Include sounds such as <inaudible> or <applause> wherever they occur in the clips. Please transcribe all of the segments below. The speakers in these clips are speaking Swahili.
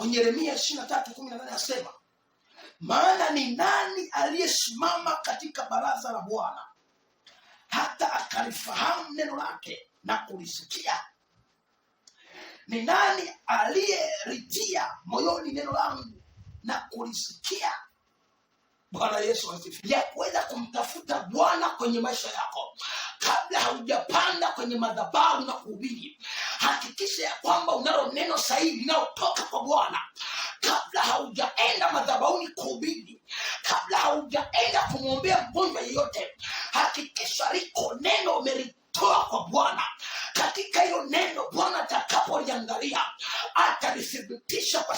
kwenye Yeremia ishirini tatu kumi na nane asema, maana ni nani aliyesimama katika baraza la Bwana hata akalifahamu neno lake na kulisikia? Ni nani aliyeritia moyoni neno langu na kulisikia? Bwana Yesu Ya kuweza kumtafuta Bwana kwenye maisha yako kabla haujapanda kwenye madhabahu na kuhubiri hakikisha ya kwamba unalo neno sahihi linalotoka kwa Bwana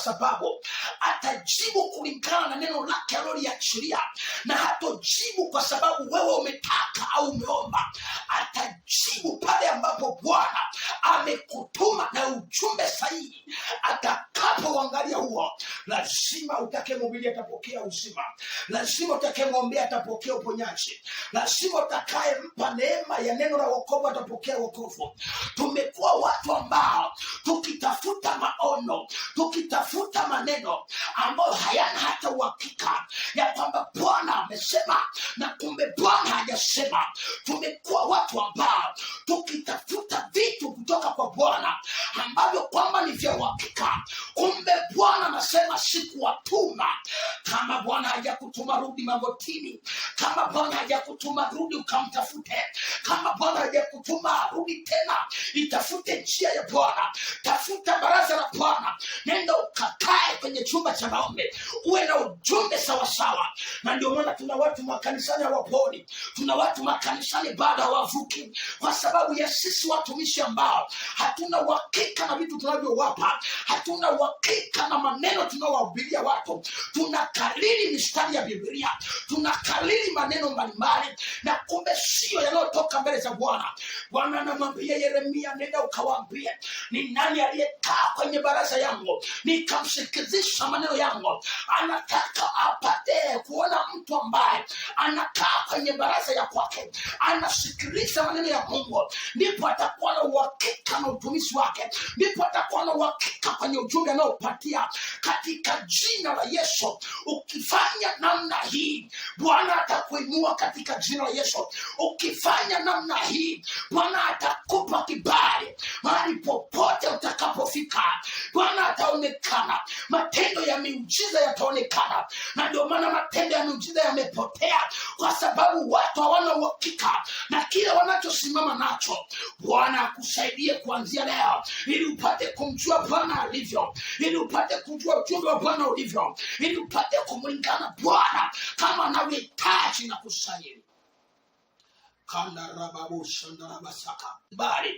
sababu atajibu kulingana na neno lake aliloliachilia, na hatojibu kwa sababu wewe umetaka au umeomba. Atajibu pale ambapo Bwana amekutuma na ujumbe sahihi. Atakapoangalia huo, lazima utakayemhubiria atapokea uzima, lazima utakayemwombea atapokea uponyaji, lazima utakayempa neema ya neno la wokovu atapokea wokovu. Tumekuwa watu ambao tukitafuta maono tukitafuta kutafuta maneno ambayo hayana hata uhakika ya kwamba Bwana amesema, na kumbe Bwana hajasema. Tumekuwa watu ambao tukitafuta vitu kutoka kwa Bwana ambavyo kwamba ni vya uhakika, kumbe Bwana anasema sikuwatuma kama Bwana hajakutuma rudi magotini, kama Bwana hajakutuma rudi ukamtafute, kama Bwana hajakutuma rudi tena, itafute njia ya Bwana, tafuta baraza la Bwana, nenda ukakae kwenye chumba cha maombi, uwe na ujumbe sawasawa. Na ndio maana tuna watu makanisani hawaponi, tuna watu makanisani bado hawavuki, kwa sababu ya sisi watumishi ambao hatuna uhakika na vitu tunavyowapa, hatuna uhakika na maneno tunaowahubiria watu tuna tunakalili mistari ya Biblia, tunakalili maneno mbalimbali, na kumbe sio yanayotoka mbele za Bwana. Bwana anamwambia Yeremia, nenda ukawaambie, ni nani aliyekaa kwenye baraza yangu nikamsikizisha maneno yangu? Anataka apate kuona mtu ambaye anakaa kwenye baraza ya kwake, anasikiliza maneno ya Mungu, ndipo atakuwa na uhakika na utumishi wake, ndipo atakuwa na uhakika kwenye ujumbe anaopatia katika jina la Yesu. Ukifanya namna hii, Bwana atakuinua katika jina la Yesu. Ukifanya namna hii, Bwana atakupa kibali mahali popote utakapofika. Bwana ataonekana, matendo ya miujiza yataonekana, na ndio maana matendo ya miujiza yamepotea kwa sababu watu hawana uhakika na kile wanachosimama nacho. Bwana akusaidie kuanzia leo, ili upate kumjua Bwana alivyo, ili upate kujua ujumbe wa Bwana ulivyo, ili upate kumlingana Bwana kama anavyohitaji na kusaili bali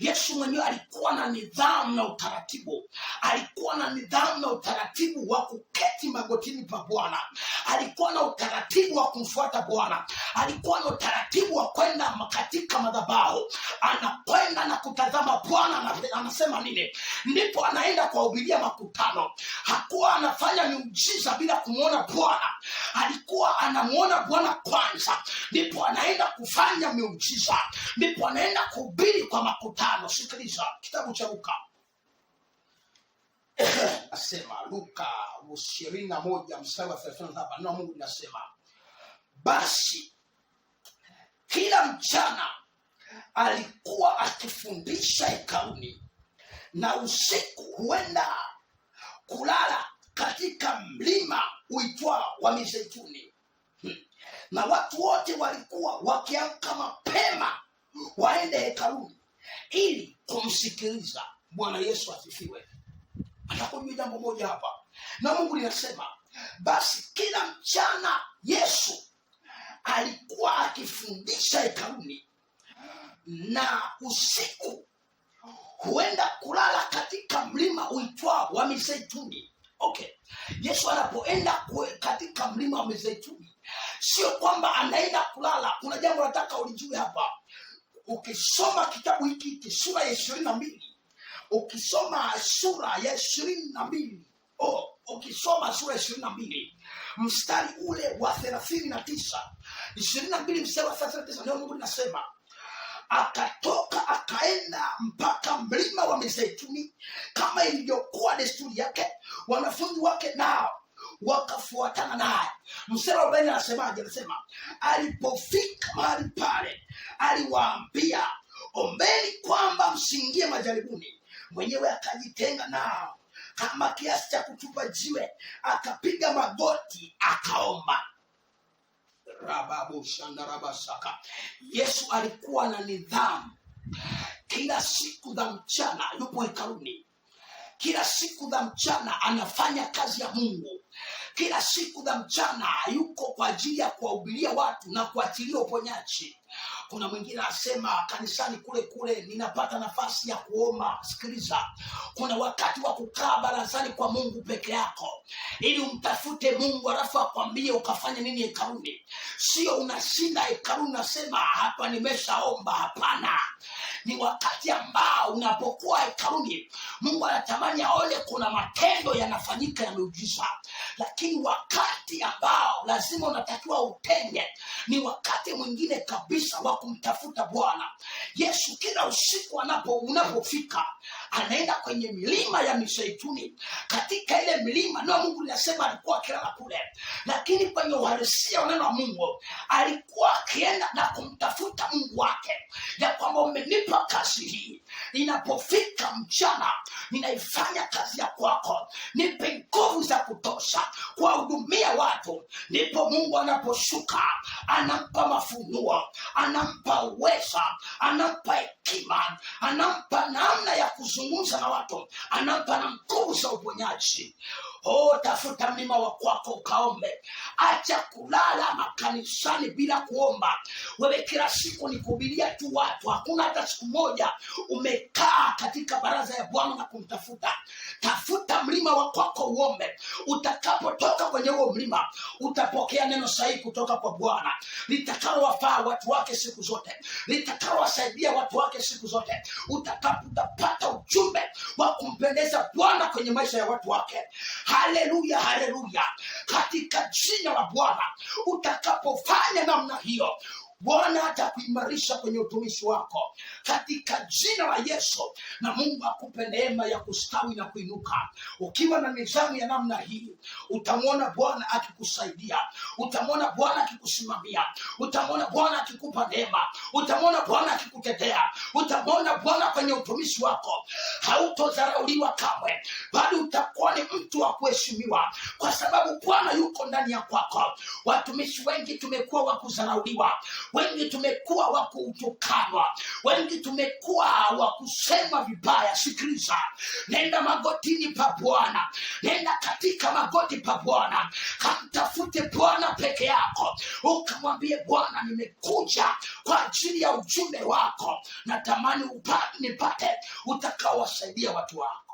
Yesu mwenyewe alikuwa na nidhamu na utaratibu, alikuwa na nidhamu na utaratibu wa kuketi magotini pa Bwana, alikuwa na utaratibu wa kumfuata Bwana, alikuwa na utaratibu wa kwenda katika madhabahu, anakwenda na kutazama Bwana anasema nini, ndipo anaenda kuwahubiria makutano. Hakuwa anafanya miujiza bila kumwona Bwana, alikuwa anamwona Bwana kwanza, ndipo anaenda kufanya kufanya miujiza, ndipo anaenda kuhubiri kwa makutano. Sikiliza kitabu cha Luka <coughs> asema Luka ishirini na moja mstari wa thelathini na saba Mungu inasema basi kila mchana alikuwa akifundisha hekaluni na usiku huenda kulala katika mlima uitwa wa Mizeituni. Hmm na watu wote walikuwa wakiamka mapema waende hekaluni ili kumsikiliza Bwana Yesu. Asifiwe. Atakujua jambo moja hapa, na Mungu linasema basi, kila mchana Yesu alikuwa akifundisha hekaluni na usiku huenda kulala katika mlima uitwa wa Mizeituni. Okay, Yesu anapoenda katika mlima wa Mizeituni sio kwamba anaenda kulala. Kuna jambo nataka ulijue hapa. Ukisoma kitabu hiki ki sura ya ishirini na mbili ukisoma sura ya ishirini na mbili oh, ukisoma sura ya ishirini na mbili mstari ule wa thelathini na tisa ishirini na mbili mstari wa thelathini na tisa neno Mungu linasema akatoka akaenda mpaka mlima wa Mizeituni kama ilivyokuwa desturi yake, wanafunzi wake nao wakafuatana naye. Mstari wa arobaini anasemaje? Anasema alipofika mahali pale aliwaambia, ombeni kwamba msiingie majaribuni. Mwenyewe akajitenga nao kama kiasi cha kutupa jiwe, akapiga magoti akaomba. rababushandarabasaka Yesu alikuwa na nidhamu, kila siku za mchana yupo hekaruni kila siku za mchana anafanya kazi ya Mungu kila siku za mchana yuko kwa ajili ya kuwahubiria watu na kuachilia uponyaji. Kuna mwingine asema kanisani kule kule ninapata nafasi ya kuoma Sikiliza, kuna wakati wa kukaa barazani kwa Mungu peke yako, ili umtafute Mungu alafu akwambie ukafanya nini hekaruni. Sio unashinda hekaruni nasema hapa nimeshaomba. Hapana, ni wakati ambao unapokuwa hekaruni Mungu anatamani aone kuna matendo yanafanyika yameujiza lakini wakati ambao lazima unatakiwa utenge ni wakati mwingine kabisa wa kumtafuta Bwana Yesu. Kila usiku anapo unapofika anaenda kwenye milima ya mizeituni. Katika ile milima neno Mungu linasema alikuwa akilala kule, lakini kwenye uharisia wa wa Mungu alikuwa akienda na kumtafuta Mungu wake ya kwamba umenipa kazi hii Ninapofika mchana, ninaifanya kazi ya kwako, nipe nguvu za kutosha kuwahudumia watu. Ndipo Mungu anaposhuka, anampa mafunuo, anampa uweza, anampa hekima, anampa namna ya kuzungumza na watu, anampa na nguvu za uponyaji. Oh, tafuta mlima wa kwako ukaombe. Acha kulala makanisani bila kuomba. Wewe kila siku ni kuhubilia tu watu, hakuna hata siku moja ume Kaa katika baraza ya Bwana na kumtafuta. Tafuta mlima wa kwako uombe. Utakapotoka kwenye huo mlima, utapokea neno sahihi kutoka kwa Bwana litakalowafaa watu wake siku zote, litakalowasaidia watu wake siku zote. Utakapotapata ujumbe wa kumpendeza Bwana kwenye maisha ya watu wake. Haleluya, haleluya! Katika jina la Bwana utakapofanya namna hiyo Bwana atakuimarisha kwenye utumishi wako katika jina la Yesu, na Mungu akupe neema ya kustawi na kuinuka. Ukiwa na nidhamu ya namna hii, utamwona Bwana akikusaidia, utamwona Bwana akikusimamia, utamwona Bwana akikupa neema, utamwona Bwana akikutetea, utamwona Bwana kwenye utumishi wako. Hautodharauliwa kamwe, bali utakuwa ni mtu wa kuheshimiwa, kwa sababu Bwana yuko ndani ya kwako. Watumishi wengi tumekuwa wa kudharauliwa wengi tumekuwa wa kutukanwa, wengi tumekuwa wa kusema vibaya. Sikiliza, nenda magotini pa Bwana, nenda katika magoti pa Bwana, kamtafute Bwana peke yako, ukamwambie Bwana, nimekuja kwa ajili ya ujumbe wako, natamani nipate utakaowasaidia watu wako.